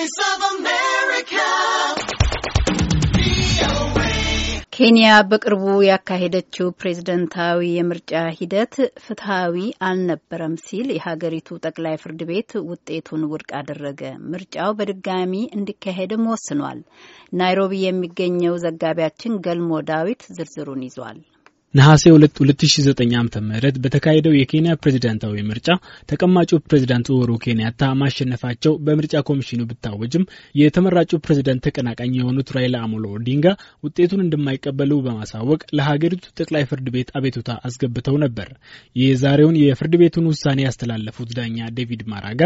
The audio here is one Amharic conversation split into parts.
Voice of America. ኬንያ በቅርቡ ያካሄደችው ፕሬዝደንታዊ የምርጫ ሂደት ፍትሐዊ አልነበረም ሲል የሀገሪቱ ጠቅላይ ፍርድ ቤት ውጤቱን ውድቅ አደረገ። ምርጫው በድጋሚ እንዲካሄድም ወስኗል። ናይሮቢ የሚገኘው ዘጋቢያችን ገልሞ ዳዊት ዝርዝሩን ይዟል። ነሐሴ 2 2009 ዓ.ም በተካሄደው የኬንያ ፕሬዝዳንታዊ ምርጫ ተቀማጩ ፕሬዝዳንት ኡሁሩ ኬንያታ ማሸነፋቸው በምርጫ ኮሚሽኑ ብታወጅም የተመራጩ ፕሬዝዳንት ተቀናቃኝ የሆኑት ራይላ አሞሎ ኦዲንጋ ውጤቱን እንደማይቀበሉ በማሳወቅ ለሀገሪቱ ጠቅላይ ፍርድ ቤት አቤቱታ አስገብተው ነበር። የዛሬውን የፍርድ ቤቱን ውሳኔ ያስተላለፉት ዳኛ ዴቪድ ማራጋ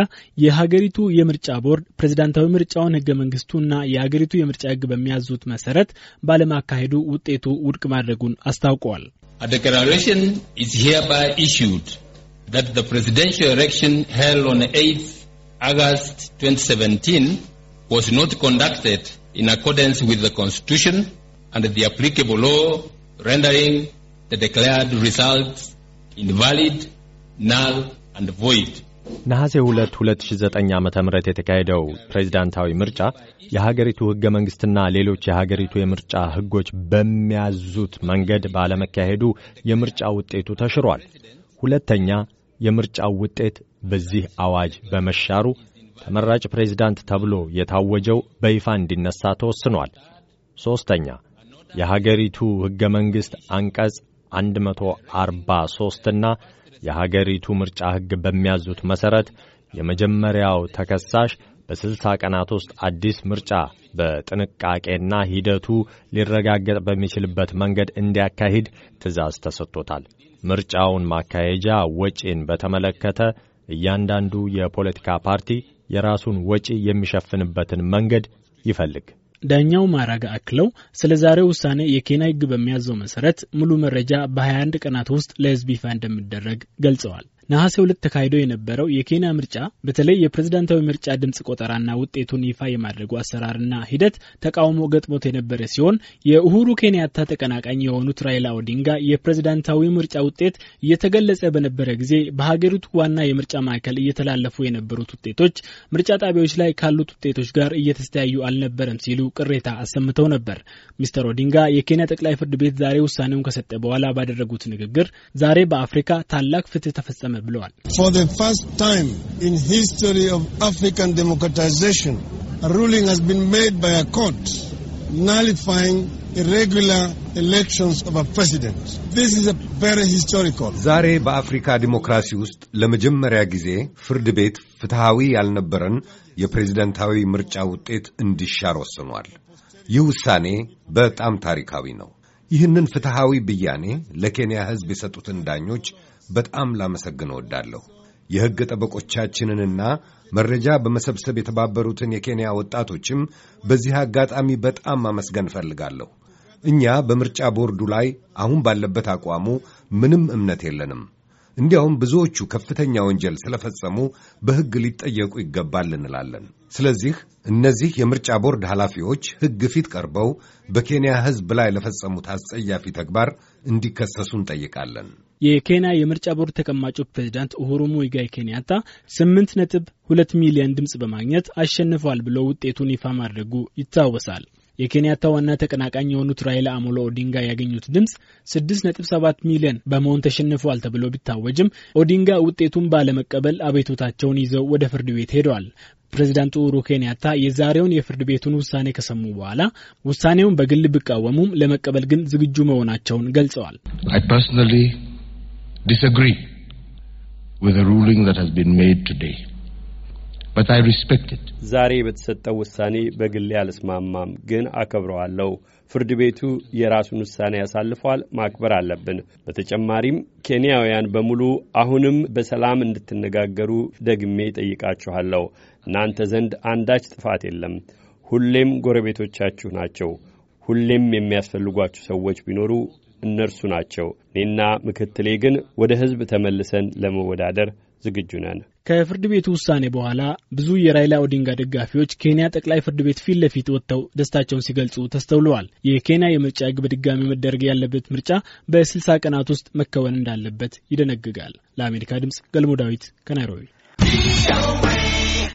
የሀገሪቱ የምርጫ ቦርድ ፕሬዝዳንታዊ ምርጫውን ህገ መንግስቱና የሀገሪቱ የምርጫ ህግ በሚያዙት መሰረት ባለማካሄዱ ውጤቱ ውድቅ ማድረጉን አስታውቀዋል። A declaration is hereby issued that the presidential election held on 8 August 2017 was not conducted in accordance with the Constitution and the applicable law, rendering the declared results invalid, null, and void. ነሐሴ 2 2009 ዓ.ም የተካሄደው ፕሬዝዳንታዊ ምርጫ የሀገሪቱ ሕገ መንግሥትና ሌሎች የሀገሪቱ የምርጫ ሕጎች በሚያዙት መንገድ ባለመካሄዱ የምርጫ ውጤቱ ተሽሯል። ሁለተኛ የምርጫው ውጤት በዚህ አዋጅ በመሻሩ ተመራጭ ፕሬዝዳንት ተብሎ የታወጀው በይፋ እንዲነሳ ተወስኗል። ሦስተኛ የሀገሪቱ ሕገ መንግሥት አንቀጽ 143 እና የሀገሪቱ ምርጫ ሕግ በሚያዙት መሠረት የመጀመሪያው ተከሳሽ በስልሳ ቀናት ውስጥ አዲስ ምርጫ በጥንቃቄና ሂደቱ ሊረጋገጥ በሚችልበት መንገድ እንዲያካሂድ ትዕዛዝ ተሰጥቶታል። ምርጫውን ማካሄጃ ወጪን በተመለከተ እያንዳንዱ የፖለቲካ ፓርቲ የራሱን ወጪ የሚሸፍንበትን መንገድ ይፈልግ። ዳኛው ማራጋ አክለው ስለ ዛሬው ውሳኔ የኬንያ ሕግ በሚያዘው መሰረት ሙሉ መረጃ በ21 ቀናት ውስጥ ለሕዝብ ይፋ እንደሚደረግ ገልጸዋል። ነሐሴ ሁለት ተካሂዶ የነበረው የኬንያ ምርጫ በተለይ የፕሬዝዳንታዊ ምርጫ ድምፅ ቆጠራና ውጤቱን ይፋ የማድረጉ አሰራርና ሂደት ተቃውሞ ገጥሞት የነበረ ሲሆን የኡሁሩ ኬንያታ ተቀናቃኝ የሆኑት ራይላ ኦዲንጋ የፕሬዝዳንታዊ ምርጫ ውጤት እየተገለጸ በነበረ ጊዜ በሀገሪቱ ዋና የምርጫ ማዕከል እየተላለፉ የነበሩት ውጤቶች ምርጫ ጣቢያዎች ላይ ካሉት ውጤቶች ጋር እየተስተያዩ አልነበረም ሲሉ ቅሬታ አሰምተው ነበር። ሚስተር ኦዲንጋ የኬንያ ጠቅላይ ፍርድ ቤት ዛሬ ውሳኔውን ከሰጠ በኋላ ባደረጉት ንግግር ዛሬ በአፍሪካ ታላቅ ፍትህ ተፈጸመ ተፈጸመ ብለዋል። ዛሬ በአፍሪካ ዲሞክራሲ ውስጥ ለመጀመሪያ ጊዜ ፍርድ ቤት ፍትሐዊ ያልነበረን የፕሬዝደንታዊ ምርጫ ውጤት እንዲሻር ወስኗል። ይህ ውሳኔ በጣም ታሪካዊ ነው። ይህንን ፍትሐዊ ብያኔ ለኬንያ ሕዝብ የሰጡትን ዳኞች በጣም ላመሰግን እወዳለሁ። የሕግ ጠበቆቻችንንና መረጃ በመሰብሰብ የተባበሩትን የኬንያ ወጣቶችም በዚህ አጋጣሚ በጣም ማመስገን እፈልጋለሁ። እኛ በምርጫ ቦርዱ ላይ አሁን ባለበት አቋሙ ምንም እምነት የለንም። እንዲያውም ብዙዎቹ ከፍተኛ ወንጀል ስለፈጸሙ በሕግ ሊጠየቁ ይገባል እንላለን። ስለዚህ እነዚህ የምርጫ ቦርድ ኃላፊዎች ሕግ ፊት ቀርበው በኬንያ ሕዝብ ላይ ለፈጸሙት አስጸያፊ ተግባር እንዲከሰሱ እንጠይቃለን። የኬንያ የምርጫ ቦርድ ተቀማጩ ፕሬዚዳንት ኡሁሩ ሙይጋይ ኬንያታ ስምንት ነጥብ ሁለት ሚሊዮን ድምፅ በማግኘት አሸንፏል ብለው ውጤቱን ይፋ ማድረጉ ይታወሳል። የኬንያታ ዋና ተቀናቃኝ የሆኑት ራይላ አሞሎ ኦዲንጋ ያገኙት ድምፅ 6.7 ሚሊዮን በመሆን ተሸንፏል ተብሎ ቢታወጅም ኦዲንጋ ውጤቱን ባለመቀበል አቤቶታቸውን ይዘው ወደ ፍርድ ቤት ሄደዋል። ፕሬዚዳንት ኡሁሩ ኬንያታ የዛሬውን የፍርድ ቤቱን ውሳኔ ከሰሙ በኋላ ውሳኔውን በግል ቢቃወሙም ለመቀበል ግን ዝግጁ መሆናቸውን ገልጸዋል። I personally disagree with the ዛሬ በተሰጠው ውሳኔ በግሌ አልስማማም፣ ግን አከብረዋለሁ። ፍርድ ቤቱ የራሱን ውሳኔ ያሳልፏል፣ ማክበር አለብን። በተጨማሪም ኬንያውያን በሙሉ አሁንም በሰላም እንድትነጋገሩ ደግሜ ጠይቃችኋለሁ። እናንተ ዘንድ አንዳች ጥፋት የለም። ሁሌም ጎረቤቶቻችሁ ናቸው። ሁሌም የሚያስፈልጓችሁ ሰዎች ቢኖሩ እነርሱ ናቸው። እኔና ምክትሌ ግን ወደ ሕዝብ ተመልሰን ለመወዳደር ዝግጁ ነን። ከፍርድ ቤቱ ውሳኔ በኋላ ብዙ የራይላ ኦዲንጋ ደጋፊዎች ኬንያ ጠቅላይ ፍርድ ቤት ፊት ለፊት ወጥተው ደስታቸውን ሲገልጹ ተስተውለዋል። የኬንያ የምርጫ ህግ በድጋሚ መደረግ ያለበት ምርጫ በ60 ቀናት ውስጥ መከወን እንዳለበት ይደነግጋል። ለአሜሪካ ድምጽ ገልሞ ዳዊት ከናይሮቢ